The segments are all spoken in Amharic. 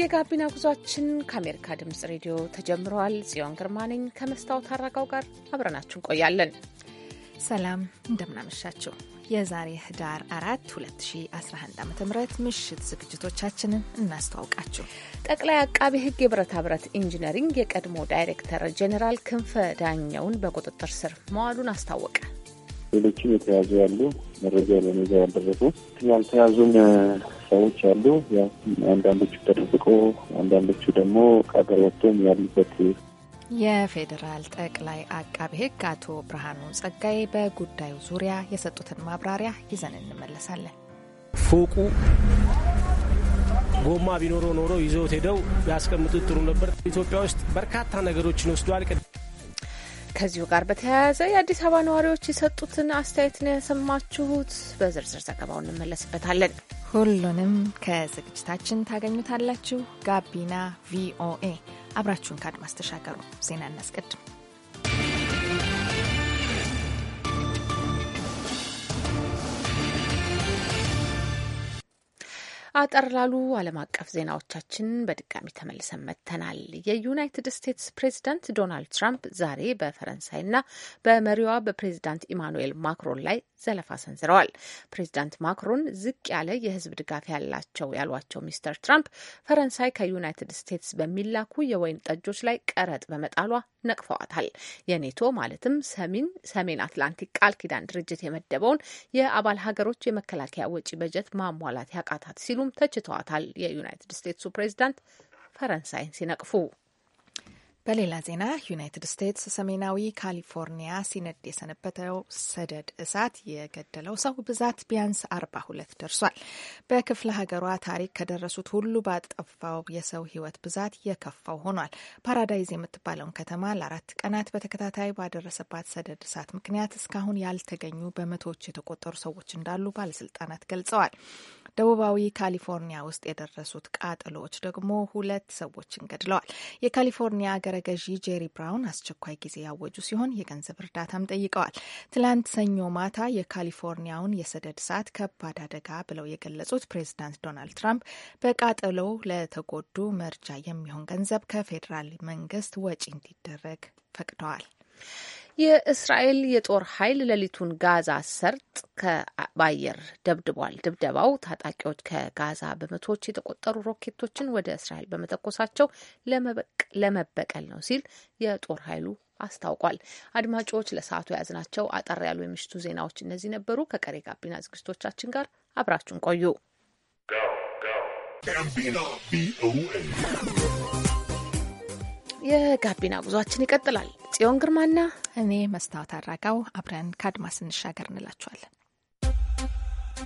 የጋቢና ጉዟችን ከአሜሪካ ድምጽ ሬዲዮ ተጀምረዋል። ጽዮን ግርማ ነኝ ከመስታወት አራጋው ጋር አብረናችሁ እንቆያለን። ሰላም እንደምናመሻቸው የዛሬ ህዳር አራት 2011 ዓ ም ምሽት ዝግጅቶቻችንን እናስተዋውቃችሁ። ጠቅላይ አቃቢ ህግ የብረታ ብረት ኢንጂነሪንግ የቀድሞ ዳይሬክተር ጄኔራል ክንፈ ዳኘውን በቁጥጥር ስር መዋሉን አስታወቀ። ሌሎችም የተያዙ ያሉ መረጃ ለመዛ ያልደረሱ ያልተያዙም ሰዎች አሉ። አንዳንዶቹ ተደብቆ፣ አንዳንዶቹ ደግሞ ከሀገር ወጥቶም ያሉበት የፌዴራል ጠቅላይ አቃቢ ሕግ አቶ ብርሃኑ ጸጋዬ በጉዳዩ ዙሪያ የሰጡትን ማብራሪያ ይዘን እንመለሳለን። ፎቁ ጎማ ቢኖረው ኖሮ ይዘውት ሄደው ያስቀምጡት ጥሩ ነበር። ኢትዮጵያ ውስጥ በርካታ ነገሮችን ወስዷል። ከዚሁ ጋር በተያያዘ የአዲስ አበባ ነዋሪዎች የሰጡትን አስተያየት ነው ያሰማችሁት። በዝርዝር ዘገባው እንመለስበታለን። ሁሉንም ከዝግጅታችን ታገኙታላችሁ። ጋቢና ቪኦኤ አብራችሁን ከአድማስ ተሻገሩ። ዜና እናስቀድም። አጠር ላሉ ዓለም አቀፍ ዜናዎቻችን በድጋሚ ተመልሰን መጥተናል። የዩናይትድ ስቴትስ ፕሬዚዳንት ዶናልድ ትራምፕ ዛሬ በፈረንሳይና በመሪዋ በፕሬዚዳንት ኢማኑኤል ማክሮን ላይ ዘለፋ ሰንዝረዋል። ፕሬዚዳንት ማክሮን ዝቅ ያለ የህዝብ ድጋፍ ያላቸው ያሏቸው ሚስተር ትራምፕ ፈረንሳይ ከዩናይትድ ስቴትስ በሚላኩ የወይን ጠጆች ላይ ቀረጥ በመጣሏ ነቅፈዋታል። የኔቶ ማለትም ሰሜን ሰሜን አትላንቲክ ቃል ኪዳን ድርጅት የመደበውን የአባል ሀገሮች የመከላከያ ወጪ በጀት ማሟላት ያቃታት ሲሉም ተችተዋታል። የዩናይትድ ስቴትሱ ፕሬዚዳንት ፈረንሳይን ሲነቅፉ በሌላ ዜና ዩናይትድ ስቴትስ ሰሜናዊ ካሊፎርኒያ ሲነድ የሰነበተው ሰደድ እሳት የገደለው ሰው ብዛት ቢያንስ አርባ ሁለት ደርሷል። በክፍለ ሀገሯ ታሪክ ከደረሱት ሁሉ ባጠፋው የሰው ሕይወት ብዛት የከፋው ሆኗል። ፓራዳይዝ የምትባለውን ከተማ ለአራት ቀናት በተከታታይ ባደረሰባት ሰደድ እሳት ምክንያት እስካሁን ያልተገኙ በመቶዎች የተቆጠሩ ሰዎች እንዳሉ ባለስልጣናት ገልጸዋል። ደቡባዊ ካሊፎርኒያ ውስጥ የደረሱት ቃጠሎዎች ደግሞ ሁለት ሰዎችን ገድለዋል። የካሊፎርኒያ አገረ ገዢ ጄሪ ብራውን አስቸኳይ ጊዜ ያወጁ ሲሆን የገንዘብ እርዳታም ጠይቀዋል። ትላንት ሰኞ ማታ የካሊፎርኒያውን የሰደድ እሳት ከባድ አደጋ ብለው የገለጹት ፕሬዚዳንት ዶናልድ ትራምፕ በቃጠሎው ለተጎዱ መርጃ የሚሆን ገንዘብ ከፌዴራል መንግስት ወጪ እንዲደረግ ፈቅደዋል። የእስራኤል የጦር ኃይል ሌሊቱን ጋዛ ሰርጥ በአየር ደብድቧል። ድብደባው ታጣቂዎች ከጋዛ በመቶዎች የተቆጠሩ ሮኬቶችን ወደ እስራኤል በመተኮሳቸው ለመበቀል ነው ሲል የጦር ኃይሉ አስታውቋል። አድማጮች ለሰዓቱ የያዝናቸው አጠር ያሉ የምሽቱ ዜናዎች እነዚህ ነበሩ። ከቀሬ ጋቢና ዝግጅቶቻችን ጋር አብራችሁን ቆዩ። የጋቢና ጉዟችን ይቀጥላል። ጽዮን ግርማና እኔ መስታወት አድራጋው አብረን ከአድማስ እንሻገር እንላችኋለን።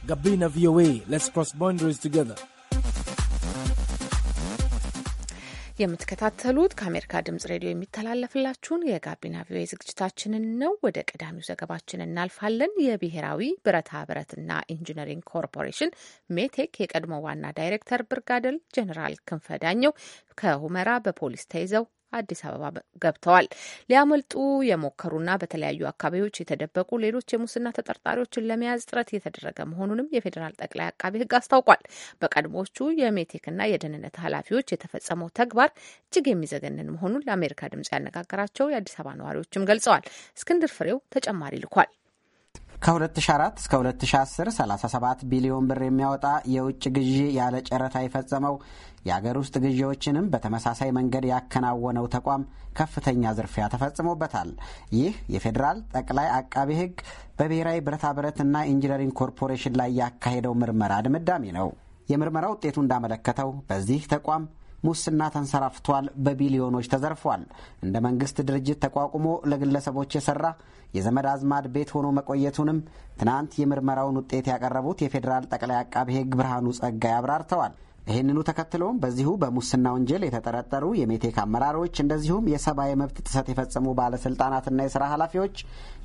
ጋቢና ቪኦኤ ሌትስ ክሮስ ቦንደሪስ ቱጌዘር የምትከታተሉት ከአሜሪካ ድምጽ ሬዲዮ የሚተላለፍላችሁን የጋቢና ቪኦኤ ዝግጅታችንን ነው። ወደ ቀዳሚው ዘገባችን እናልፋለን። የብሔራዊ ብረታ ብረትና ኢንጂነሪንግ ኮርፖሬሽን ሜቴክ የቀድሞ ዋና ዳይሬክተር ብርጋደል ጀኔራል ክንፈ ዳኘው ከሁመራ በፖሊስ ተይዘው አዲስ አበባ ገብተዋል። ሊያመልጡ የሞከሩና በተለያዩ አካባቢዎች የተደበቁ ሌሎች የሙስና ተጠርጣሪዎችን ለመያዝ ጥረት እየተደረገ መሆኑንም የፌዴራል ጠቅላይ አቃቤ ሕግ አስታውቋል። በቀድሞዎቹ የሜቴክና የደህንነት ኃላፊዎች የተፈጸመው ተግባር እጅግ የሚዘገንን መሆኑን ለአሜሪካ ድምጽ ያነጋገራቸው የአዲስ አበባ ነዋሪዎችም ገልጸዋል። እስክንድር ፍሬው ተጨማሪ ልኳል። ከ2004 እስከ 2010 37 ቢሊዮን ብር የሚያወጣ የውጭ ግዢ ያለ ጨረታ የፈጸመው የአገር ውስጥ ግዢዎችንም በተመሳሳይ መንገድ ያከናወነው ተቋም ከፍተኛ ዝርፊያ ተፈጽሞበታል። ይህ የፌዴራል ጠቅላይ አቃቤ ሕግ በብሔራዊ ብረታ ብረትና ኢንጂነሪንግ ኮርፖሬሽን ላይ ያካሄደው ምርመራ ድምዳሜ ነው። የምርመራ ውጤቱ እንዳመለከተው በዚህ ተቋም ሙስና ተንሰራፍቷል፣ በቢሊዮኖች ተዘርፏል። እንደ መንግስት ድርጅት ተቋቁሞ ለግለሰቦች የሰራ የዘመድ አዝማድ ቤት ሆኖ መቆየቱንም ትናንት የምርመራውን ውጤት ያቀረቡት የፌዴራል ጠቅላይ አቃቤ ሕግ ብርሃኑ ጸጋይ አብራርተዋል። ይህንኑ ተከትሎም በዚሁ በሙስና ወንጀል የተጠረጠሩ የሜቴክ አመራሮች እንደዚሁም የሰብአዊ መብት ጥሰት የፈጸሙ ባለስልጣናትና የስራ ኃላፊዎች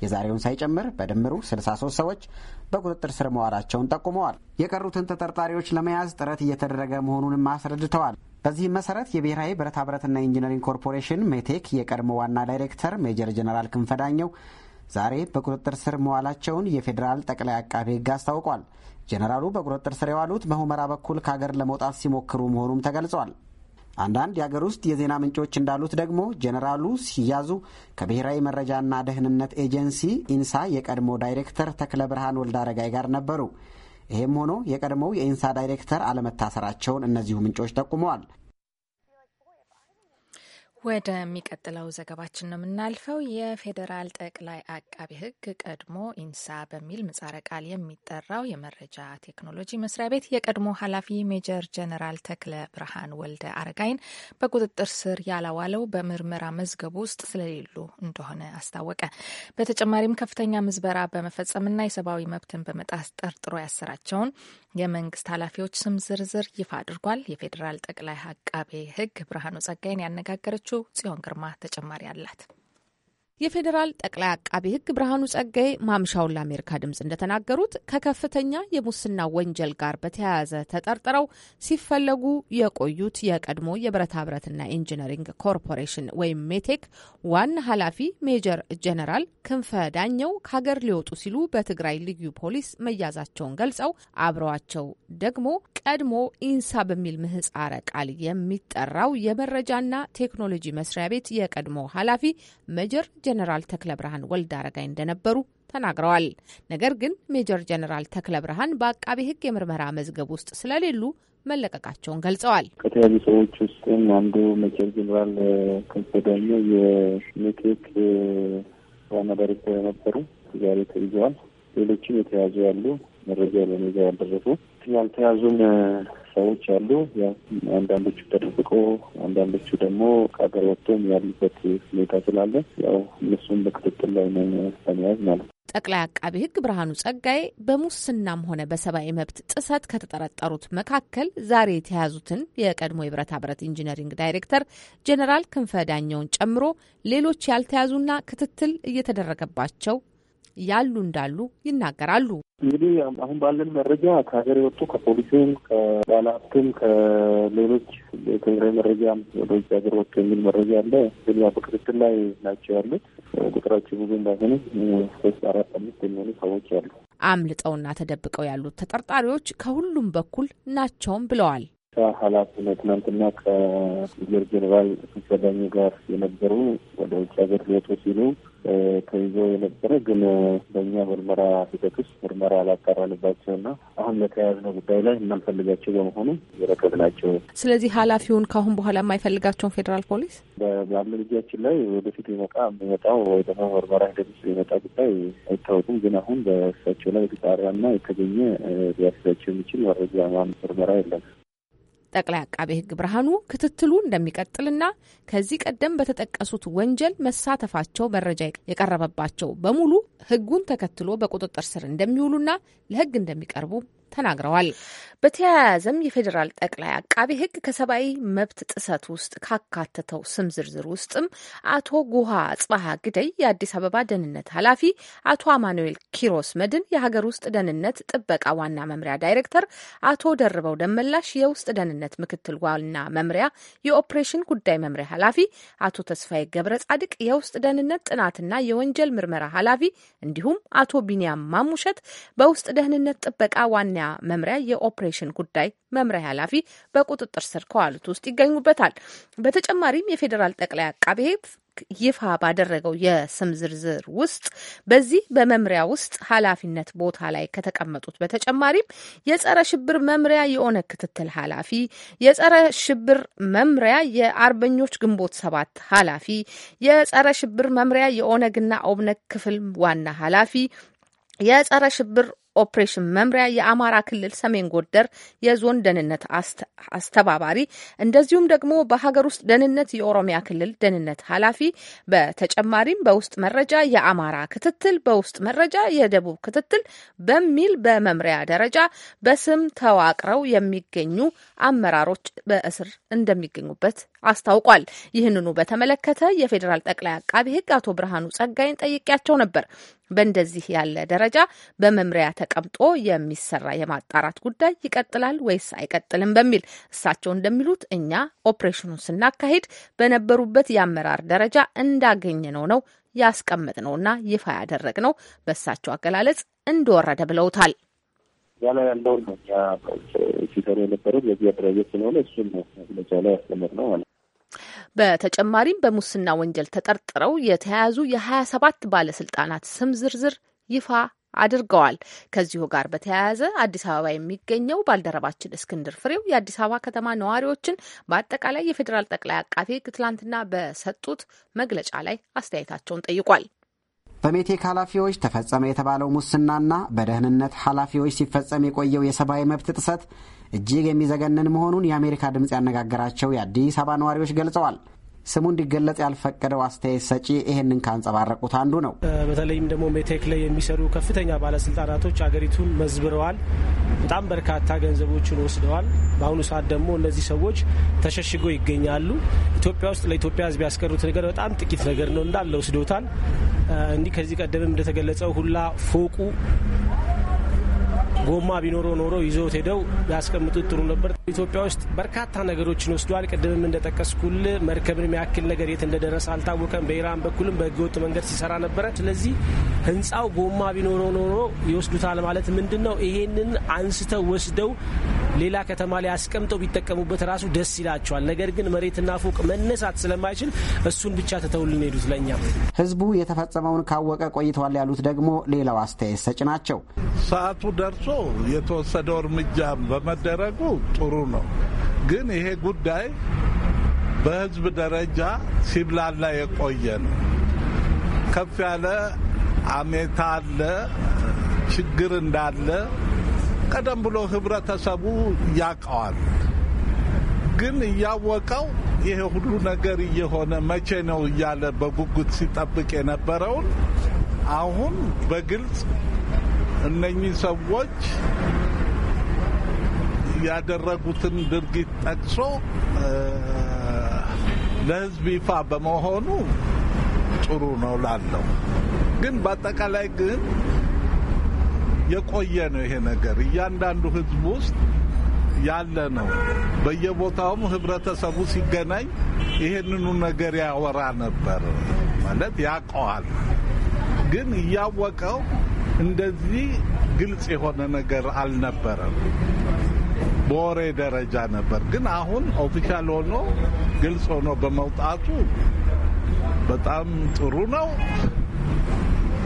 የዛሬውን ሳይጨምር በድምሩ 63 ሰዎች በቁጥጥር ስር መዋላቸውን ጠቁመዋል። የቀሩትን ተጠርጣሪዎች ለመያዝ ጥረት እየተደረገ መሆኑንም አስረድተዋል። በዚህም መሰረት የብሔራዊ ብረታ ብረትና ኢንጂነሪንግ ኮርፖሬሽን ሜቴክ የቀድሞ ዋና ዳይሬክተር ሜጀር ጀነራል ክንፈዳኘው ዛሬ በቁጥጥር ስር መዋላቸውን የፌዴራል ጠቅላይ አቃቤ ሕግ አስታውቋል። ጄኔራሉ በቁጥጥር ስር የዋሉት በሁመራ በኩል ከሀገር ለመውጣት ሲሞክሩ መሆኑም ተገልጿል። አንዳንድ የአገር ውስጥ የዜና ምንጮች እንዳሉት ደግሞ ጄኔራሉ ሲያዙ ከብሔራዊ መረጃና ደህንነት ኤጀንሲ ኢንሳ የቀድሞ ዳይሬክተር ተክለ ብርሃን ወልደ አረጋይ ጋር ነበሩ። ይህም ሆኖ የቀድሞው የኢንሳ ዳይሬክተር አለመታሰራቸውን እነዚሁ ምንጮች ጠቁመዋል። ወደሚቀጥለው ዘገባችን ነው የምናልፈው። የፌዴራል ጠቅላይ አቃቢ ሕግ ቀድሞ ኢንሳ በሚል ምጻረ ቃል የሚጠራው የመረጃ ቴክኖሎጂ መስሪያ ቤት የቀድሞ ኃላፊ ሜጀር ጀነራል ተክለ ብርሃን ወልደ አረጋይን በቁጥጥር ስር ያላዋለው በምርመራ መዝገቡ ውስጥ ስለሌሉ እንደሆነ አስታወቀ። በተጨማሪም ከፍተኛ ምዝበራ በመፈጸምና የሰብአዊ መብትን በመጣስ ጠርጥሮ ያሰራቸውን የመንግስት ኃላፊዎች ስም ዝርዝር ይፋ አድርጓል። የፌዴራል ጠቅላይ አቃቤ ሕግ ብርሃኑ ጸጋይን ያነጋገረች ያደረሰችው ጽዮን ግርማ ተጨማሪ አላት። የፌዴራል ጠቅላይ አቃቢ ሕግ ብርሃኑ ጸጋዬ ማምሻውን ለአሜሪካ ድምፅ እንደተናገሩት ከከፍተኛ የሙስና ወንጀል ጋር በተያያዘ ተጠርጥረው ሲፈለጉ የቆዩት የቀድሞ የብረታ ብረትና ኢንጂነሪንግ ኮርፖሬሽን ወይም ሜቴክ ዋና ኃላፊ ሜጀር ጀነራል ክንፈ ዳኘው ከሀገር ሊወጡ ሲሉ በትግራይ ልዩ ፖሊስ መያዛቸውን ገልጸው አብረዋቸው ደግሞ ቀድሞ ኢንሳ በሚል ምህጻረ ቃል የሚጠራው የመረጃና ቴክኖሎጂ መስሪያ ቤት የቀድሞ ኃላፊ ሜጀር ጀነራል ተክለ ብርሃን ወልድ አረጋይ እንደነበሩ ተናግረዋል። ነገር ግን ሜጀር ጀነራል ተክለ ብርሃን በአቃቤ ሕግ የምርመራ መዝገብ ውስጥ ስለሌሉ መለቀቃቸውን ገልጸዋል። ከተለያዩ ሰዎች ውስጥም አንዱ ሜጀር ጀነራል ክንፈ የምክክ የሜቴክ ዋና ዳይሬክተር የነበሩ ዛሬ ተይዘዋል። ሌሎችም የተያዙ ያሉ መረጃ ለሚዛ ጋ ያልደረሱ ያልተያዙን ሰዎች አሉ። አንዳንዶቹ ተደብቆ፣ አንዳንዶቹ ደግሞ ከሀገር ወጥቶም ያሉበት ሁኔታ ስላለ ያው እነሱም በክትትል ላይ ነን ለመያዝ ማለት ነው። ጠቅላይ አቃቢ ሕግ ብርሃኑ ጸጋዬ በሙስናም ሆነ በሰብአዊ መብት ጥሰት ከተጠረጠሩት መካከል ዛሬ የተያዙትን የቀድሞ የብረታ ብረት ኢንጂነሪንግ ዳይሬክተር ጄኔራል ክንፈ ዳኘውን ጨምሮ ሌሎች ያልተያዙና ክትትል እየተደረገባቸው ያሉ እንዳሉ ይናገራሉ። እንግዲህ አሁን ባለን መረጃ ከሀገር የወጡ ከፖሊስም፣ ከባለሀብትም፣ ከሌሎች የትግራይ መረጃም ወደ ውጭ ሀገር ወጡ የሚል መረጃ አለ። ግን ያው በክትትል ላይ ናቸው ያሉት። ቁጥራቸው ብዙ እንዳይሆኑ ሶስት አራት አምስት የሚሆኑ ሰዎች አሉ። አምልጠውና ተደብቀው ያሉት ተጠርጣሪዎች ከሁሉም በኩል ናቸውም ብለዋል ኃላፊ ትናንትና ከሜጀር ጀኔራል ሲሰዳኝ ጋር የነበሩ ወደ ውጭ ሀገር ሊወጡ ሲሉ ተይዞ የነበረ ግን በእኛ ምርመራ ሂደት ውስጥ ምርመራ እና አሁን ለተያያዝነው ጉዳይ ላይ የማንፈልጋቸው በመሆኑ የረከብ ናቸው። ስለዚህ ኃላፊውን ከአሁን በኋላ የማይፈልጋቸውን ፌዴራል ፖሊስ በአምን ላይ ወደፊት ይመጣ የሚመጣው ወይ ደግሞ ምርመራ ሂደት ውስጥ የሚመጣ ጉዳይ አይታወቁም። ግን አሁን በእሳቸው ላይ የተጣራና የተገኘ ሊያስዛቸው የሚችል መረጃ ማን ምርመራ የለም። ጠቅላይ አቃቤ ሕግ ብርሃኑ ክትትሉ እንደሚቀጥልና ከዚህ ቀደም በተጠቀሱት ወንጀል መሳተፋቸው መረጃ የቀረበባቸው በሙሉ ሕጉን ተከትሎ በቁጥጥር ስር እንደሚውሉና ለሕግ እንደሚቀርቡ ተናግረዋል። በተያያዘም የፌዴራል ጠቅላይ አቃቢ ሕግ ከሰብአዊ መብት ጥሰት ውስጥ ካካተተው ስም ዝርዝር ውስጥም አቶ ጉሃ ጽባሃ ግደይ የአዲስ አበባ ደህንነት ኃላፊ፣ አቶ አማኑኤል ኪሮስ መድን የሀገር ውስጥ ደህንነት ጥበቃ ዋና መምሪያ ዳይሬክተር፣ አቶ ደርበው ደመላሽ የውስጥ ደህንነት ምክትል ዋና መምሪያ የኦፕሬሽን ጉዳይ መምሪያ ኃላፊ፣ አቶ ተስፋዬ ገብረ ጻድቅ የውስጥ ደህንነት ጥናትና የወንጀል ምርመራ ኃላፊ እንዲሁም አቶ ቢንያም ማሙሸት በውስጥ ደህንነት ጥበቃ ዋና የኬንያ መምሪያ የኦፕሬሽን ጉዳይ መምሪያ ኃላፊ በቁጥጥር ስር ከዋሉት ውስጥ ይገኙበታል። በተጨማሪም የፌዴራል ጠቅላይ አቃቤ ሕግ ይፋ ባደረገው የስም ዝርዝር ውስጥ በዚህ በመምሪያ ውስጥ ኃላፊነት ቦታ ላይ ከተቀመጡት በተጨማሪም የጸረ ሽብር መምሪያ የኦነግ ክትትል ኃላፊ፣ የጸረ ሽብር መምሪያ የአርበኞች ግንቦት ሰባት ኃላፊ፣ የጸረ ሽብር መምሪያ የኦነግና ኦብነግ ክፍል ዋና ኃላፊ የጸረ ሽብር ኦፕሬሽን መምሪያ የአማራ ክልል ሰሜን ጎንደር የዞን ደህንነት አስተባባሪ እንደዚሁም ደግሞ በሀገር ውስጥ ደህንነት የኦሮሚያ ክልል ደህንነት ኃላፊ በተጨማሪም በውስጥ መረጃ የአማራ ክትትል፣ በውስጥ መረጃ የደቡብ ክትትል በሚል በመምሪያ ደረጃ በስም ተዋቅረው የሚገኙ አመራሮች በእስር እንደሚገኙበት አስታውቋል። ይህንኑ በተመለከተ የፌዴራል ጠቅላይ አቃቢ ሕግ አቶ ብርሃኑ ጸጋይን ጠይቄያቸው ነበር። በእንደዚህ ያለ ደረጃ በመምሪያ ተቀምጦ የሚሰራ የማጣራት ጉዳይ ይቀጥላል ወይስ አይቀጥልም በሚል እሳቸው እንደሚሉት እኛ ኦፕሬሽኑን ስናካሄድ በነበሩበት የአመራር ደረጃ እንዳገኘ ነው ነው ያስቀመጥ ነውና ይፋ ያደረግ ነው። በእሳቸው አገላለጽ እንደወረደ ብለውታል። እዛ ላይ ያለውን ነው ሲሰሩ የነበረው በዚህ ስለሆነ እሱን ነው መግለጫ ላይ ያስቀመጥ ነው ማለት በተጨማሪም በሙስና ወንጀል ተጠርጥረው የተያያዙ የ27 ባለስልጣናት ስም ዝርዝር ይፋ አድርገዋል። ከዚሁ ጋር በተያያዘ አዲስ አበባ የሚገኘው ባልደረባችን እስክንድር ፍሬው የአዲስ አበባ ከተማ ነዋሪዎችን በአጠቃላይ የፌዴራል ጠቅላይ አቃቤ ሕግ ትላንትና በሰጡት መግለጫ ላይ አስተያየታቸውን ጠይቋል። በሜቴክ ኃላፊዎች ተፈጸመ የተባለው ሙስናና በደህንነት ኃላፊዎች ሲፈጸም የቆየው የሰብአዊ መብት ጥሰት እጅግ የሚዘገንን መሆኑን የአሜሪካ ድምፅ ያነጋገራቸው የአዲስ አበባ ነዋሪዎች ገልጸዋል። ስሙ እንዲገለጽ ያልፈቀደው አስተያየት ሰጪ ይህንን ካንጸባረቁት አንዱ ነው። በተለይም ደግሞ ሜቴክ ላይ የሚሰሩ ከፍተኛ ባለስልጣናቶች አገሪቱን መዝብረዋል። በጣም በርካታ ገንዘቦችን ወስደዋል። በአሁኑ ሰዓት ደግሞ እነዚህ ሰዎች ተሸሽገው ይገኛሉ። ኢትዮጵያ ውስጥ ለኢትዮጵያ ሕዝብ ያስቀሩት ነገር በጣም ጥቂት ነገር ነው። እንዳለ ወስዶታል። እንዲህ ከዚህ ቀደምም እንደተገለጸው ሁላ ፎቁ ጎማ ቢኖረው ኖሮ ይዘውት ሄደው ያስቀምጡት ጥሩ ነበር። ኢትዮጵያ ውስጥ በርካታ ነገሮችን ወስዷል። ቅድምም እንደጠቀስኩል መርከብንም ያክል ነገር የት እንደደረሰ አልታወቀም። በኢራን በኩልም በህገወጥ መንገድ ሲሰራ ነበረ። ስለዚህ ህንፃው ጎማ ቢኖረው ኖሮ ይወስዱታል ማለት ምንድን ነው? ይሄንን አንስተው ወስደው ሌላ ከተማ ላይ አስቀምጠው ቢጠቀሙበት ራሱ ደስ ይላቸዋል። ነገር ግን መሬትና ፎቅ መነሳት ስለማይችል እሱን ብቻ ተተውልን ሄዱት። ለእኛ ህዝቡ የተፈጸመውን ካወቀ ቆይተዋል ያሉት ደግሞ ሌላው አስተያየት ሰጭ ናቸው። ሰዓቱ ደርሶ የተወሰደው እርምጃ በመደረጉ ጥሩ ነው። ግን ይሄ ጉዳይ በህዝብ ደረጃ ሲብላላ የቆየ ነው። ከፍ ያለ አሜታ አለ፣ ችግር እንዳለ ቀደም ብሎ ህብረተሰቡ ያቀዋል። ግን እያወቀው ይሄ ሁሉ ነገር እየሆነ መቼ ነው እያለ በጉጉት ሲጠብቅ የነበረውን አሁን በግልጽ እነኚህ ሰዎች ያደረጉትን ድርጊት ጠቅሶ ለህዝብ ይፋ በመሆኑ ጥሩ ነው ላለው ግን በአጠቃላይ ግን የቆየ ነው። ይሄ ነገር እያንዳንዱ ህዝብ ውስጥ ያለ ነው። በየቦታውም ህብረተሰቡ ሲገናኝ ይህንኑ ነገር ያወራ ነበር ማለት ያውቀዋል። ግን እያወቀው እንደዚህ ግልጽ የሆነ ነገር አልነበረም። በወሬ ደረጃ ነበር። ግን አሁን ኦፊሻል ሆኖ ግልጽ ሆኖ በመውጣቱ በጣም ጥሩ ነው።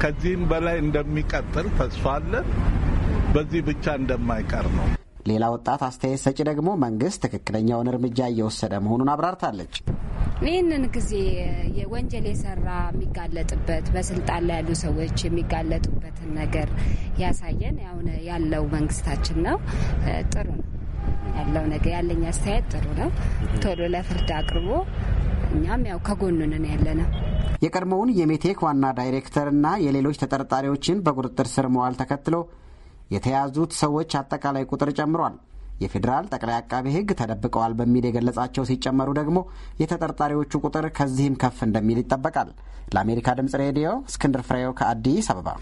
ከዚህም በላይ እንደሚቀጥል ተስፋ አለን። በዚህ ብቻ እንደማይቀር ነው። ሌላ ወጣት አስተያየት ሰጪ ደግሞ መንግስት ትክክለኛውን እርምጃ እየወሰደ መሆኑን አብራርታለች። ይህንን ጊዜ የወንጀል የሰራ የሚጋለጥበት በስልጣን ላይ ያሉ ሰዎች የሚጋለጡበትን ነገር ያሳየን ያሁን ያለው መንግስታችን ነው። ጥሩ ነው ያለው ነገር ያለኝ አስተያየት ጥሩ ነው። ቶሎ ለፍርድ አቅርቦ እኛም ያው ከጎኑንን ያለ ነው። የቀድሞውን የሜቴክ ዋና ዳይሬክተርና የሌሎች ተጠርጣሪዎችን በቁጥጥር ስር መዋል ተከትሎ የተያዙት ሰዎች አጠቃላይ ቁጥር ጨምሯል። የፌዴራል ጠቅላይ አቃቤ ሕግ ተደብቀዋል በሚል የገለጻቸው ሲጨመሩ ደግሞ የተጠርጣሪዎቹ ቁጥር ከዚህም ከፍ እንደሚል ይጠበቃል። ለአሜሪካ ድምጽ ሬዲዮ እስክንድር ፍሬው ከአዲስ አበባ።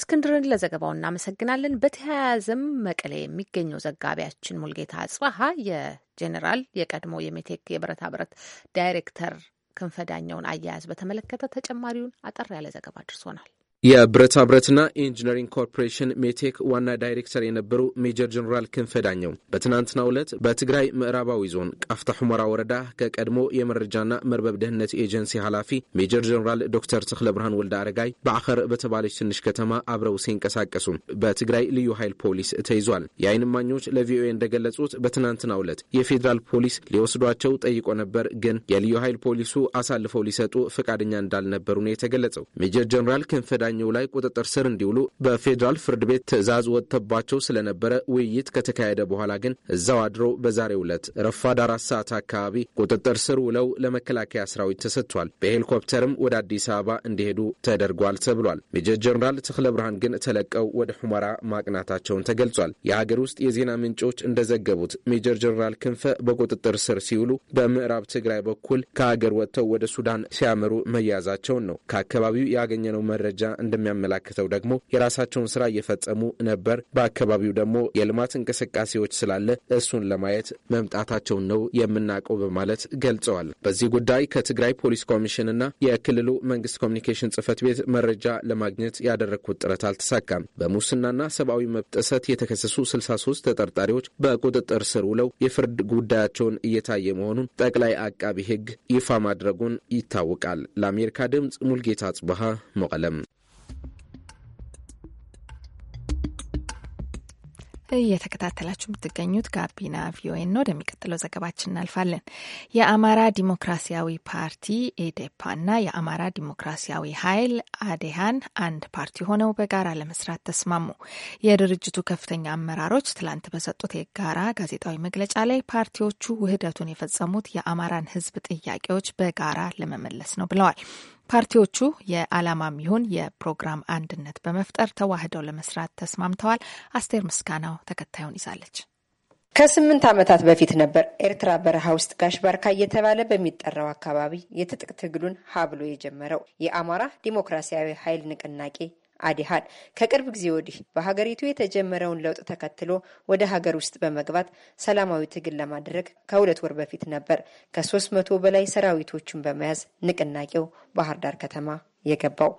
እስክንድርን ለዘገባው እናመሰግናለን። በተያያዘም መቀሌ የሚገኘው ዘጋቢያችን ሙልጌታ አጽባሀ የጄኔራል የቀድሞ የሜቴክ የብረታ ብረት ዳይሬክተር ክንፈዳኛውን አያያዝ በተመለከተ ተጨማሪውን አጠር ያለ ዘገባ አድርሶናል። የብረታ ብረትና ኢንጂነሪንግ ኮርፖሬሽን ሜቴክ ዋና ዳይሬክተር የነበሩ ሜጀር ጀኔራል ክንፈ ዳኘው በትናንትናው ዕለት በትግራይ ምዕራባዊ ዞን ቃፍታ ሑመራ ወረዳ ከቀድሞ የመረጃና መርበብ ደህንነት ኤጀንሲ ኃላፊ ሜጀር ጀኔራል ዶክተር ተክለ ብርሃን ወልደ አረጋይ በአኸር በተባለች ትንሽ ከተማ አብረው ሲንቀሳቀሱ በትግራይ ልዩ ኃይል ፖሊስ ተይዟል። የዓይን እማኞች ለቪኦኤ እንደገለጹት በትናንትናው ዕለት የፌዴራል ፖሊስ ሊወስዷቸው ጠይቆ ነበር፣ ግን የልዩ ኃይል ፖሊሱ አሳልፈው ሊሰጡ ፈቃደኛ እንዳልነበሩ ነው የተገለጸው። ሜጀር ጀኔራል ክንፈ በዳኘው ላይ ቁጥጥር ስር እንዲውሉ በፌዴራል ፍርድ ቤት ትዕዛዝ ወጥተባቸው ስለነበረ ውይይት ከተካሄደ በኋላ ግን እዛው አድሮ በዛሬው ዕለት ረፋድ አራት ሰዓት አካባቢ ቁጥጥር ስር ውለው ለመከላከያ ሰራዊት ተሰጥቷል። በሄሊኮፕተርም ወደ አዲስ አበባ እንዲሄዱ ተደርጓል ተብሏል። ሜጀር ጀኔራል ተክለ ብርሃን ግን ተለቀው ወደ ሁመራ ማቅናታቸውን ተገልጿል። የሀገር ውስጥ የዜና ምንጮች እንደዘገቡት ሜጀር ጀኔራል ክንፈ በቁጥጥር ስር ሲውሉ በምዕራብ ትግራይ በኩል ከሀገር ወጥተው ወደ ሱዳን ሲያመሩ መያዛቸውን ነው። ከአካባቢው ያገኘነው መረጃ እንደሚያመላክተው ደግሞ የራሳቸውን ስራ እየፈጸሙ ነበር። በአካባቢው ደግሞ የልማት እንቅስቃሴዎች ስላለ እሱን ለማየት መምጣታቸውን ነው የምናውቀው በማለት ገልጸዋል። በዚህ ጉዳይ ከትግራይ ፖሊስ ኮሚሽንና የክልሉ መንግስት ኮሚኒኬሽን ጽህፈት ቤት መረጃ ለማግኘት ያደረግኩት ጥረት አልተሳካም። በሙስናና ሰብአዊ መብት ጥሰት የተከሰሱ 63 ተጠርጣሪዎች በቁጥጥር ስር ውለው የፍርድ ጉዳያቸውን እየታየ መሆኑን ጠቅላይ አቃቢ ሕግ ይፋ ማድረጉን ይታወቃል። ለአሜሪካ ድምፅ ሙልጌታ ጽብሃ መቀለም እየተከታተላችሁ የምትገኙት ጋቢና ቪኦኤ ነው። ወደሚቀጥለው ዘገባችን እናልፋለን። የአማራ ዲሞክራሲያዊ ፓርቲ ኤዴፓና የአማራ ዲሞክራሲያዊ ኃይል አዴሃን አንድ ፓርቲ ሆነው በጋራ ለመስራት ተስማሙ። የድርጅቱ ከፍተኛ አመራሮች ትላንት በሰጡት የጋራ ጋዜጣዊ መግለጫ ላይ ፓርቲዎቹ ውህደቱን የፈጸሙት የአማራን ሕዝብ ጥያቄዎች በጋራ ለመመለስ ነው ብለዋል። ፓርቲዎቹ የዓላማም ይሁን የፕሮግራም አንድነት በመፍጠር ተዋህደው ለመስራት ተስማምተዋል። አስቴር ምስጋናው ተከታዩን ይዛለች። ከስምንት ዓመታት በፊት ነበር ኤርትራ በረሃ ውስጥ ጋሽ ባርካ እየተባለ በሚጠራው አካባቢ የትጥቅ ትግሉን ሀብሎ የጀመረው የአማራ ዲሞክራሲያዊ ኃይል ንቅናቄ አዲሃል ከቅርብ ጊዜ ወዲህ በሀገሪቱ የተጀመረውን ለውጥ ተከትሎ ወደ ሀገር ውስጥ በመግባት ሰላማዊ ትግል ለማድረግ ከሁለት ወር በፊት ነበር ከሶስት መቶ በላይ ሰራዊቶቹን በመያዝ ንቅናቄው ባህር ዳር ከተማ የገባው።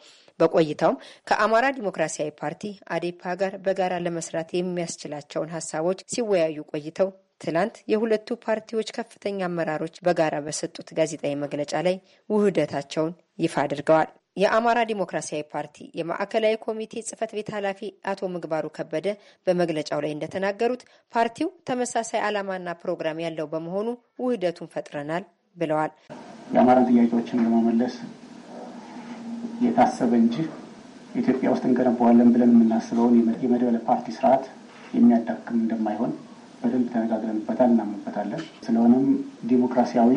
በቆይታውም ከአማራ ዲሞክራሲያዊ ፓርቲ አዴፓ ጋር በጋራ ለመስራት የሚያስችላቸውን ሀሳቦች ሲወያዩ ቆይተው ትላንት የሁለቱ ፓርቲዎች ከፍተኛ አመራሮች በጋራ በሰጡት ጋዜጣዊ መግለጫ ላይ ውህደታቸውን ይፋ አድርገዋል። የአማራ ዲሞክራሲያዊ ፓርቲ የማዕከላዊ ኮሚቴ ጽህፈት ቤት ኃላፊ አቶ ምግባሩ ከበደ በመግለጫው ላይ እንደተናገሩት ፓርቲው ተመሳሳይ ዓላማና ፕሮግራም ያለው በመሆኑ ውህደቱን ፈጥረናል ብለዋል። የአማራን ጥያቄዎችን ለመመለስ የታሰበ እንጂ ኢትዮጵያ ውስጥ እንገነባዋለን ብለን የምናስበውን የመድበለ ፓርቲ ስርዓት የሚያዳክም እንደማይሆን በደንብ ተነጋግረንበታል፣ እናምንበታለን። ስለሆነም ዲሞክራሲያዊ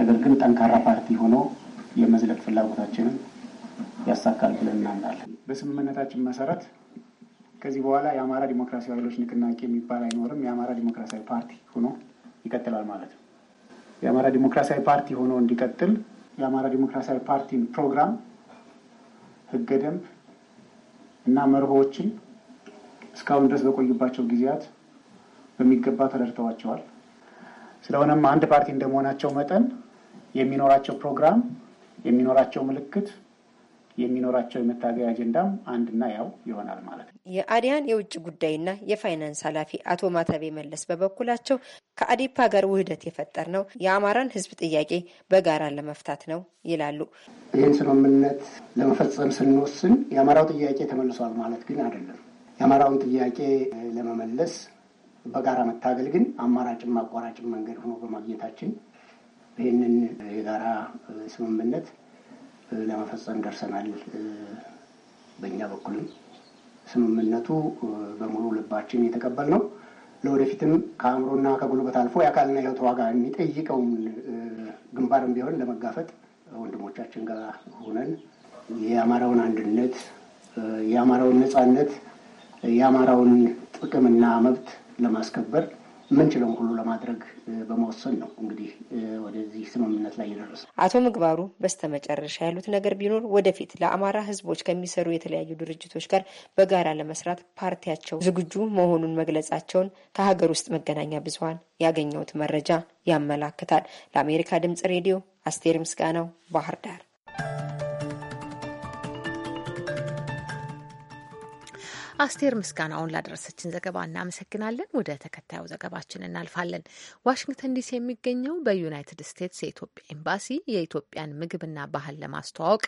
ነገር ግን ጠንካራ ፓርቲ ሆኖ የመዝለቅ ፍላጎታችንን ያሳካል ብለን እናምናለን። በስምምነታችን መሰረት ከዚህ በኋላ የአማራ ዲሞክራሲያዊ ኃይሎች ንቅናቄ የሚባል አይኖርም። የአማራ ዲሞክራሲያዊ ፓርቲ ሆኖ ይቀጥላል ማለት ነው። የአማራ ዲሞክራሲያዊ ፓርቲ ሆኖ እንዲቀጥል የአማራ ዲሞክራሲያዊ ፓርቲን ፕሮግራም፣ ህገ ደንብ እና መርሆዎችን እስካሁን ድረስ በቆዩባቸው ጊዜያት በሚገባ ተረድተዋቸዋል። ስለሆነም አንድ ፓርቲ እንደመሆናቸው መጠን የሚኖራቸው ፕሮግራም የሚኖራቸው ምልክት የሚኖራቸው የመታገያ አጀንዳም አንድና ያው ይሆናል ማለት ነው። የአዲያን የውጭ ጉዳይና የፋይናንስ ኃላፊ አቶ ማተቤ መለስ በበኩላቸው ከአዴፓ ጋር ውህደት የፈጠር ነው የአማራን ሕዝብ ጥያቄ በጋራ ለመፍታት ነው ይላሉ። ይህን ስምምነት ለመፈጸም ስንወስን የአማራው ጥያቄ ተመልሷል ማለት ግን አይደለም። የአማራውን ጥያቄ ለመመለስ በጋራ መታገል ግን አማራጭም አቋራጭም መንገድ ሆኖ በማግኘታችን ይህንን የጋራ ስምምነት ለመፈጸም ደርሰናል። በእኛ በኩልም ስምምነቱ በሙሉ ልባችን የተቀበል ነው። ለወደፊትም ከአእምሮና ከጉልበት አልፎ የአካልና የሕይወት ዋጋ የሚጠይቀውን ግንባርም ቢሆን ለመጋፈጥ ወንድሞቻችን ጋር ሆነን የአማራውን አንድነት፣ የአማራውን ነጻነት፣ የአማራውን ጥቅምና መብት ለማስከበር የምንችለውን ሁሉ ለማድረግ በመወሰን ነው እንግዲህ ወደዚህ ስምምነት ላይ የደረሰ። አቶ ምግባሩ በስተመጨረሻ ያሉት ነገር ቢኖር ወደፊት ለአማራ ሕዝቦች ከሚሰሩ የተለያዩ ድርጅቶች ጋር በጋራ ለመስራት ፓርቲያቸው ዝግጁ መሆኑን መግለጻቸውን ከሀገር ውስጥ መገናኛ ብዙኃን ያገኘሁት መረጃ ያመላክታል። ለአሜሪካ ድምጽ ሬዲዮ አስቴር ምስጋናው ባህር ዳር። አስቴር ምስጋናውን ላደረሰችን ዘገባ እናመሰግናለን። ወደ ተከታዩ ዘገባችን እናልፋለን። ዋሽንግተን ዲሲ የሚገኘው በዩናይትድ ስቴትስ የኢትዮጵያ ኤምባሲ የኢትዮጵያን ምግብና ባህል ለማስተዋወቅ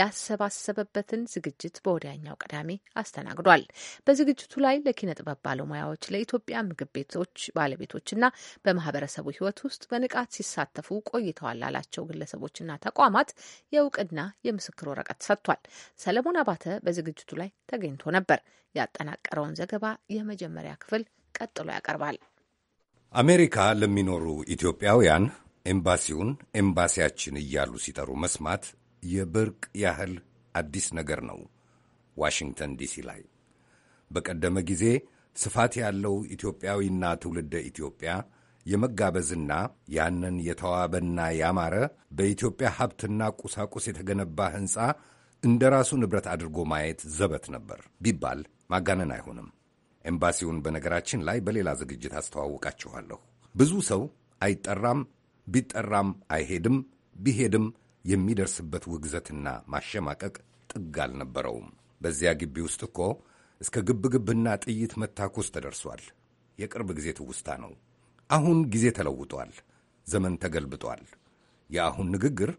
ያሰባሰበበትን ዝግጅት በወዲያኛው ቅዳሜ አስተናግዷል። በዝግጅቱ ላይ ለኪነ ጥበብ ባለሙያዎች፣ ለኢትዮጵያ ምግብ ቤቶች ባለቤቶችና በማህበረሰቡ ህይወት ውስጥ በንቃት ሲሳተፉ ቆይተዋል ላላቸው ግለሰቦችና ተቋማት የእውቅና የምስክር ወረቀት ሰጥቷል። ሰለሞን አባተ በዝግጅቱ ላይ ተገኝቶ ነበር። ያጠናቀረውን ዘገባ የመጀመሪያ ክፍል ቀጥሎ ያቀርባል። አሜሪካ ለሚኖሩ ኢትዮጵያውያን ኤምባሲውን ኤምባሲያችን እያሉ ሲጠሩ መስማት የብርቅ ያህል አዲስ ነገር ነው። ዋሽንግተን ዲሲ ላይ በቀደመ ጊዜ ስፋት ያለው ኢትዮጵያዊና ትውልደ ኢትዮጵያ የመጋበዝና ያንን የተዋበና ያማረ በኢትዮጵያ ሀብትና ቁሳቁስ የተገነባ ሕንፃ እንደ ራሱ ንብረት አድርጎ ማየት ዘበት ነበር ቢባል ማጋነን አይሆንም። ኤምባሲውን በነገራችን ላይ በሌላ ዝግጅት አስተዋውቃችኋለሁ። ብዙ ሰው አይጠራም፣ ቢጠራም አይሄድም፣ ቢሄድም የሚደርስበት ውግዘትና ማሸማቀቅ ጥግ አልነበረውም። በዚያ ግቢ ውስጥ እኮ እስከ ግብግብና ጥይት መታኮስ ተደርሷል። የቅርብ ጊዜ ትውስታ ነው። አሁን ጊዜ ተለውጧል። ዘመን ተገልብጧል። የአሁን ንግግር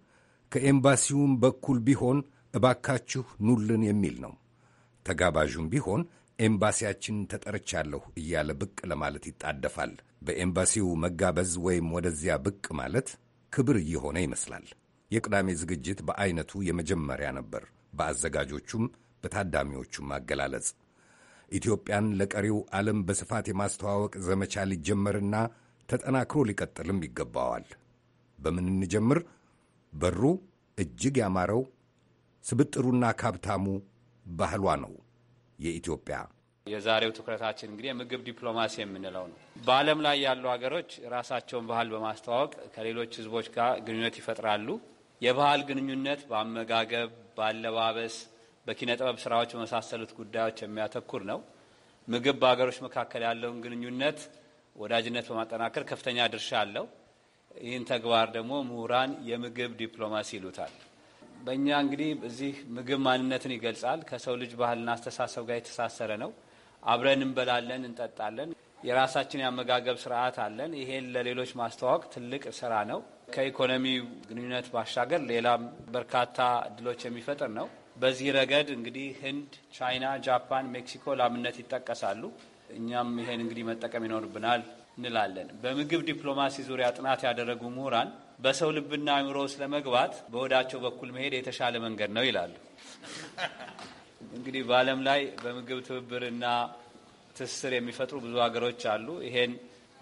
ከኤምባሲውም በኩል ቢሆን እባካችሁ ኑልን የሚል ነው። ተጋባዡም ቢሆን ኤምባሲያችን ተጠርቻለሁ እያለ ብቅ ለማለት ይጣደፋል። በኤምባሲው መጋበዝ ወይም ወደዚያ ብቅ ማለት ክብር እየሆነ ይመስላል። የቅዳሜ ዝግጅት በአይነቱ የመጀመሪያ ነበር፣ በአዘጋጆቹም በታዳሚዎቹም አገላለጽ። ኢትዮጵያን ለቀሪው ዓለም በስፋት የማስተዋወቅ ዘመቻ ሊጀመርና ተጠናክሮ ሊቀጥልም ይገባዋል። በምን እንጀምር? በሩ እጅግ ያማረው ስብጥሩና ካብታሙ ባህሏ ነው የኢትዮጵያ። የዛሬው ትኩረታችን እንግዲህ የምግብ ዲፕሎማሲ የምንለው ነው። በዓለም ላይ ያሉ ሀገሮች ራሳቸውን ባህል በማስተዋወቅ ከሌሎች ህዝቦች ጋር ግንኙነት ይፈጥራሉ። የባህል ግንኙነት በአመጋገብ፣ በአለባበስ፣ በኪነ ጥበብ ስራዎች በመሳሰሉት ጉዳዮች የሚያተኩር ነው። ምግብ በሀገሮች መካከል ያለውን ግንኙነት፣ ወዳጅነት በማጠናከር ከፍተኛ ድርሻ አለው። ይህን ተግባር ደግሞ ምሁራን የምግብ ዲፕሎማሲ ይሉታል። በእኛ እንግዲህ እዚህ ምግብ ማንነትን ይገልጻል። ከሰው ልጅ ባህልና አስተሳሰብ ጋር የተሳሰረ ነው። አብረን እንበላለን፣ እንጠጣለን። የራሳችን የአመጋገብ ስርዓት አለን። ይሄን ለሌሎች ማስተዋወቅ ትልቅ ስራ ነው። ከኢኮኖሚ ግንኙነት ባሻገር ሌላም በርካታ እድሎች የሚፈጥር ነው። በዚህ ረገድ እንግዲህ ህንድ፣ ቻይና፣ ጃፓን፣ ሜክሲኮ ላምነት ይጠቀሳሉ። እኛም ይሄን እንግዲህ መጠቀም ይኖርብናል እንላለን። በምግብ ዲፕሎማሲ ዙሪያ ጥናት ያደረጉ ምሁራን በሰው ልብና አእምሮ ውስጥ ለመግባት በወዳቸው በኩል መሄድ የተሻለ መንገድ ነው ይላሉ። እንግዲህ በዓለም ላይ በምግብ ትብብርና ትስስር የሚፈጥሩ ብዙ ሀገሮች አሉ። ይሄን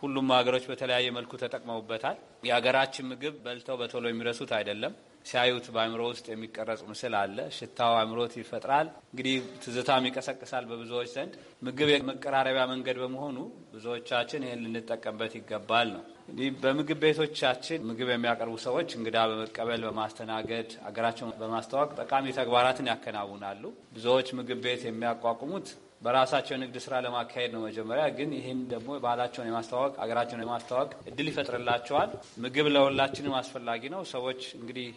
ሁሉም ሀገሮች በተለያየ መልኩ ተጠቅመውበታል። የሀገራችን ምግብ በልተው በቶሎ የሚረሱት አይደለም። ሲያዩት በአእምሮ ውስጥ የሚቀረጽ ምስል አለ። ሽታው አእምሮት ይፈጥራል። እንግዲህ ትዝታም ይቀሰቅሳል በብዙዎች ዘንድ ምግብ የመቀራረቢያ መንገድ በመሆኑ ብዙዎቻችን ይህን ልንጠቀምበት ይገባል ነው። እንዲህ በምግብ ቤቶቻችን ምግብ የሚያቀርቡ ሰዎች እንግዳ በመቀበል በማስተናገድ አገራቸውን በማስተዋወቅ ጠቃሚ ተግባራትን ያከናውናሉ። ብዙዎች ምግብ ቤት የሚያቋቁሙት በራሳቸው ንግድ ስራ ለማካሄድ ነው። መጀመሪያ ግን ይህን ደግሞ ባህላቸውን የማስተዋወቅ አገራቸውን የማስተዋወቅ እድል ይፈጥርላቸዋል። ምግብ ለሁላችንም አስፈላጊ ነው። ሰዎች እንግዲህ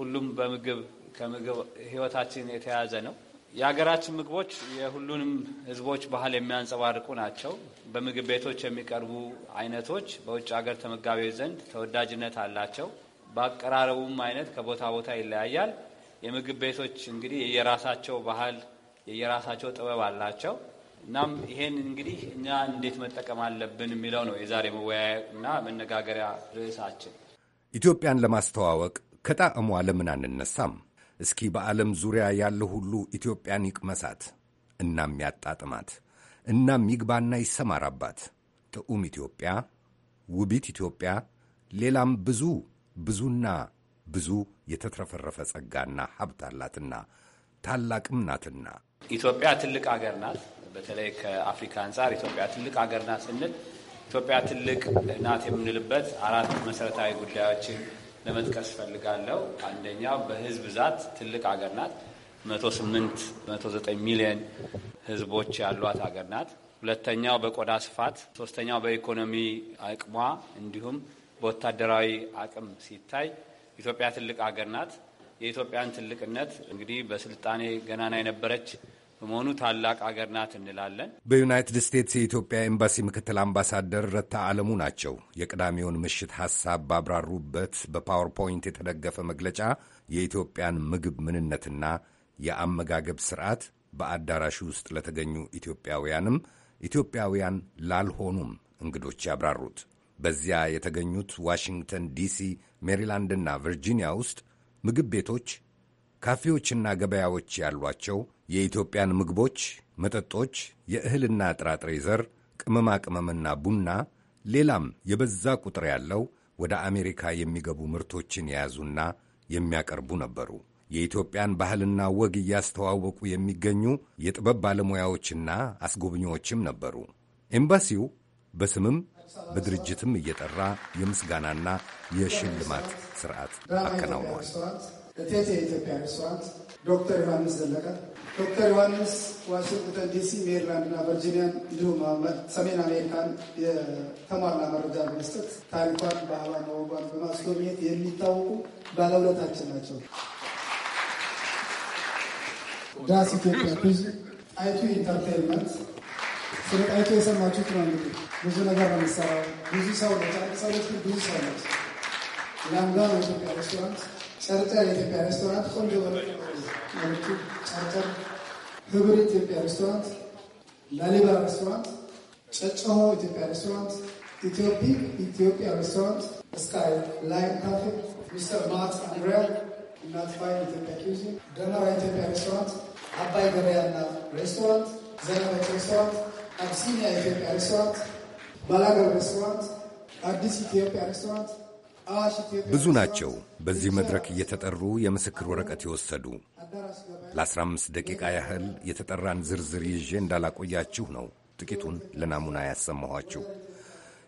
ሁሉም በምግብ ከምግብ ህይወታችን የተያዘ ነው። የሀገራችን ምግቦች የሁሉንም ህዝቦች ባህል የሚያንጸባርቁ ናቸው። በምግብ ቤቶች የሚቀርቡ አይነቶች በውጭ ሀገር ተመጋቢዎች ዘንድ ተወዳጅነት አላቸው። በአቀራረቡም አይነት ከቦታ ቦታ ይለያያል። የምግብ ቤቶች እንግዲህ የየራሳቸው ባህል የየራሳቸው ጥበብ አላቸው። እናም ይሄን እንግዲህ እኛ እንዴት መጠቀም አለብን የሚለው ነው የዛሬ መወያያ እና መነጋገሪያ ርዕሳችን ኢትዮጵያን ለማስተዋወቅ ከጣዕሟ ለምን አንነሳም? እስኪ በዓለም ዙሪያ ያለ ሁሉ ኢትዮጵያን ይቅመሳት፣ እናም ያጣጥማት፣ እናም ይግባና ይሰማራባት። ጥዑም ኢትዮጵያ፣ ውቢት ኢትዮጵያ፣ ሌላም ብዙ ብዙና ብዙ የተትረፈረፈ ጸጋና ሀብት አላትና ታላቅም ናትና። ኢትዮጵያ ትልቅ አገር ናት። በተለይ ከአፍሪካ አንጻር ኢትዮጵያ ትልቅ አገር ናት ስንል ኢትዮጵያ ትልቅ ናት የምንልበት አራት መሰረታዊ ጉዳዮችን ለመጥቀስ ፈልጋለሁ። አንደኛው በህዝብ ብዛት ትልቅ ሀገር ናት። 108 109 ሚሊዮን ህዝቦች ያሏት ሀገር ናት። ሁለተኛው በቆዳ ስፋት፣ ሶስተኛው በኢኮኖሚ አቅሟ እንዲሁም በወታደራዊ አቅም ሲታይ ኢትዮጵያ ትልቅ ሀገር ናት። የኢትዮጵያን ትልቅነት እንግዲህ በስልጣኔ ገናና የነበረች በመሆኑ ታላቅ አገር ናት እንላለን። በዩናይትድ ስቴትስ የኢትዮጵያ ኤምባሲ ምክትል አምባሳደር ረታ አለሙ ናቸው። የቅዳሜውን ምሽት ሐሳብ ባብራሩበት በፓወርፖይንት የተደገፈ መግለጫ የኢትዮጵያን ምግብ ምንነትና የአመጋገብ ስርዓት በአዳራሹ ውስጥ ለተገኙ ኢትዮጵያውያንም ኢትዮጵያውያን ላልሆኑም እንግዶች ያብራሩት። በዚያ የተገኙት ዋሽንግተን ዲሲ፣ ሜሪላንድና ቨርጂኒያ ውስጥ ምግብ ቤቶች ካፌዎችና ገበያዎች ያሏቸው የኢትዮጵያን ምግቦች፣ መጠጦች፣ የእህልና ጥራጥሬ ዘር፣ ቅመማ ቅመምና ቡና፣ ሌላም የበዛ ቁጥር ያለው ወደ አሜሪካ የሚገቡ ምርቶችን የያዙና የሚያቀርቡ ነበሩ። የኢትዮጵያን ባህልና ወግ እያስተዋወቁ የሚገኙ የጥበብ ባለሙያዎችና አስጎብኚዎችም ነበሩ። ኤምባሲው በስምም በድርጅትም እየጠራ የምስጋናና የሽልማት ስርዓት አከናውኗል። እቴቴ የኢትዮጵያ ሬስቶራንት፣ ዶክተር ዮሐንስ ዘለቀ። ዶክተር ዮሐንስ ዋሽንግተን ዲሲ፣ ሜሪላንድ ሜሪላንድና ቨርጂኒያን እንዲሁም ሰሜን አሜሪካን የተሟላ መረጃ በመስጠት ታሪኳን፣ ባህሏን፣ ወጓን በማስጎብኘት የሚታወቁ ባለውለታችን ናቸው። ዳስ ኢትዮጵያ ብዙ ጣይቱ ኢንተርቴንመንት። ስለ ጣይቱ የሰማችሁት ነው እንግዲህ ብዙ ነገር ነው የሚሰራው። ብዙ ሰው ነው ሰዎች፣ ብዙ ሰው ነች። ላምዳ ኢትዮጵያ ሬስቶራንት ጨርጨር የኢትዮጵያ ሬስቶራንት ቆንጆ በመቱ ጨርጨር፣ ህብር ኢትዮጵያ ሬስቶራንት፣ ላሊባ ሬስቶራንት፣ ጨጨሆ ኢትዮጵያ ሬስቶራንት፣ ኢትዮፒ ኢትዮጵያ ሬስቶራንት፣ ስካይ ላይን ካፌ፣ ሚስተር ማት አንድሪያ፣ እናት ፋይ ኢትዮጵያ ኪዩዚን፣ ደመራ ኢትዮጵያ ሬስቶራንት፣ አባይ ገበያና ሬስቶራንት፣ ዘነበች ሬስቶራንት፣ አብሲኒያ ኢትዮጵያ ሬስቶራንት፣ ባላገር ሬስቶራንት፣ አዲስ ኢትዮጵያ ሬስቶራንት ብዙ ናቸው። በዚህ መድረክ እየተጠሩ የምስክር ወረቀት የወሰዱ ለ15 ደቂቃ ያህል የተጠራን ዝርዝር ይዤ እንዳላቆያችሁ ነው ጥቂቱን ለናሙና ያሰማኋችሁ።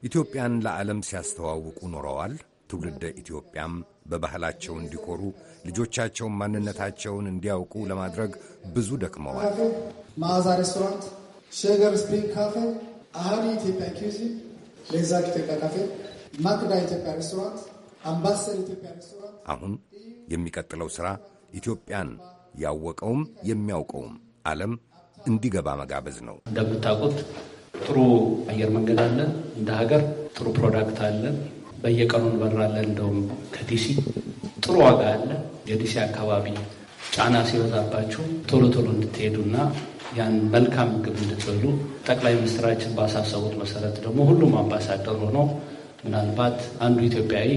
ኢትዮጵያን ለዓለም ሲያስተዋውቁ ኖረዋል። ትውልደ ኢትዮጵያም በባህላቸው እንዲኮሩ ልጆቻቸውን ማንነታቸውን እንዲያውቁ ለማድረግ ብዙ ደክመዋል። ማዛ ሬስቶራንት፣ ሸገር ስፕሪንግ ካፌ፣ አህሪ ኢትዮጵያ ኪዚ፣ ሌዛ ኢትዮጵያ ካፌ፣ ማክዳ ኢትዮጵያ ሬስቶራንት አሁን የሚቀጥለው ሥራ ኢትዮጵያን ያወቀውም የሚያውቀውም ዓለም እንዲገባ መጋበዝ ነው። እንደምታውቁት ጥሩ አየር መንገድ አለን፣ እንደ ሀገር ጥሩ ፕሮዳክት አለን። በየቀኑ እንበራለን። እንደውም ከዲሲ ጥሩ ዋጋ አለ። የዲሲ አካባቢ ጫና ሲበዛባችሁ ቶሎ ቶሎ እንድትሄዱና ያን መልካም ምግብ እንድትበሉ ጠቅላይ ሚኒስትራችን ባሳሰቡት መሰረት ደግሞ ሁሉም አምባሳደር ሆነው ምናልባት አንዱ ኢትዮጵያዊ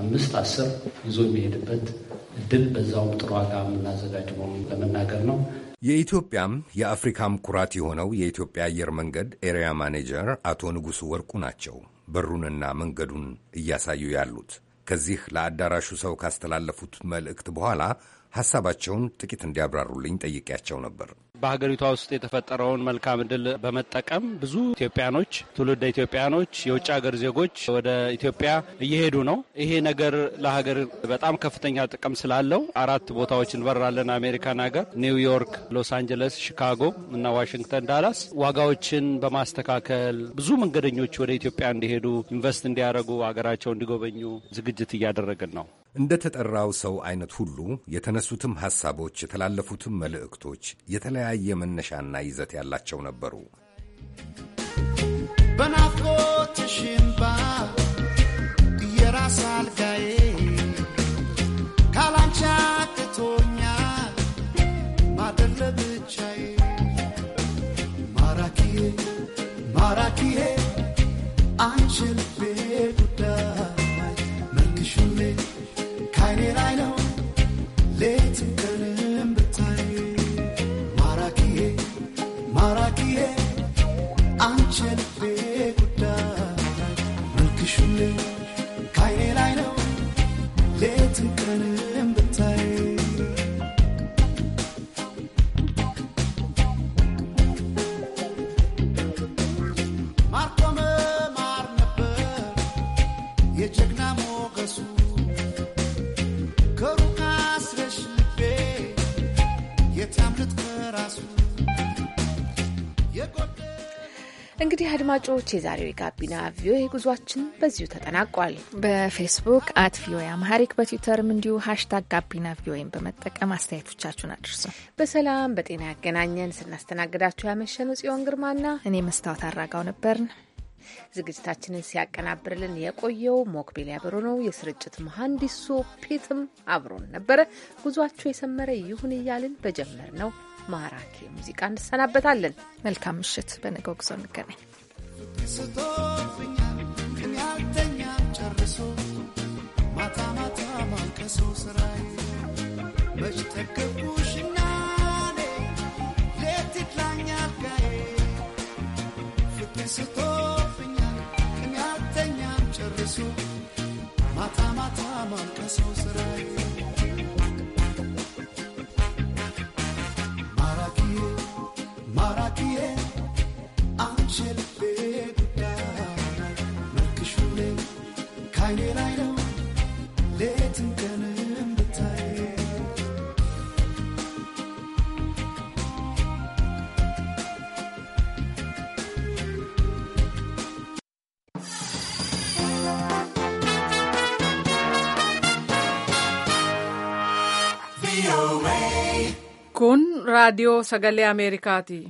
አምስት አስር ይዞ የሚሄድበት እድል በዛውም ጥሩ ዋጋ የምናዘጋጅ መሆኑን ለመናገር ነው። የኢትዮጵያም የአፍሪካም ኩራት የሆነው የኢትዮጵያ አየር መንገድ ኤሪያ ማኔጀር አቶ ንጉሱ ወርቁ ናቸው በሩንና መንገዱን እያሳዩ ያሉት። ከዚህ ለአዳራሹ ሰው ካስተላለፉት መልእክት በኋላ ሐሳባቸውን ጥቂት እንዲያብራሩልኝ ጠይቄያቸው ነበር። በሀገሪቷ ውስጥ የተፈጠረውን መልካም እድል በመጠቀም ብዙ ኢትዮጵያኖች፣ ትውልደ ኢትዮጵያኖች፣ የውጭ ሀገር ዜጎች ወደ ኢትዮጵያ እየሄዱ ነው። ይሄ ነገር ለሀገር በጣም ከፍተኛ ጥቅም ስላለው አራት ቦታዎች እንበራለን። አሜሪካን ሀገር ኒውዮርክ፣ ሎስ አንጀለስ፣ ሺካጎ እና ዋሽንግተን ዳላስ። ዋጋዎችን በማስተካከል ብዙ መንገደኞች ወደ ኢትዮጵያ እንዲሄዱ ኢንቨስት እንዲያደርጉ ሀገራቸው እንዲጎበኙ ዝግጅት እያደረግን ነው። እንደ ተጠራው ሰው አይነት ሁሉ የተነሱትም ሐሳቦች የተላለፉትም መልእክቶች የተለያየ መነሻና ይዘት ያላቸው ነበሩ። በናፍቆትሽ የራስ አልጋ to አድማጮች የዛሬው የጋቢና ቪኦኤ ጉዟችን በዚሁ ተጠናቋል። በፌስቡክ አት ቪኦኤ አምሃሪክ በትዊተርም እንዲሁ ሀሽታግ ጋቢና ቪኦኤን በመጠቀም አስተያየቶቻችሁን አድርሱ። በሰላም በጤና ያገናኘን። ስናስተናግዳችሁ ያመሸኑ ጽዮን ግርማና እኔ መስታወት አራጋው ነበርን። ዝግጅታችንን ሲያቀናብርልን የቆየው ሞክቤል ያበሮ ነው። የስርጭት መሐንዲሱ ፔትም አብሮን ነበረ። ጉዟችሁ የሰመረ ይሁን እያልን በጀመር ነው ማራኪ ሙዚቃ እንሰናበታለን። መልካም ምሽት። በነገው ጉዞ እንገናኝ። Cristo do Pinhal. adio sagalee ti.